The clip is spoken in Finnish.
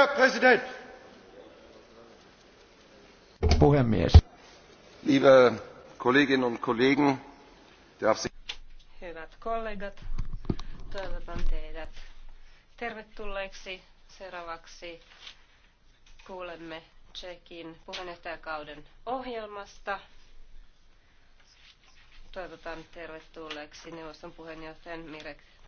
Herr Präsident! Puhemies. Liebe Kolleginnen und Kollegen, darf Sie... Hyvät kollegat, toivotan teidät tervetulleiksi. Seuraavaksi kuulemme Tsekin puheenjohtajakauden ohjelmasta. Toivotan tervetulleeksi neuvoston puheenjohtajan Mirek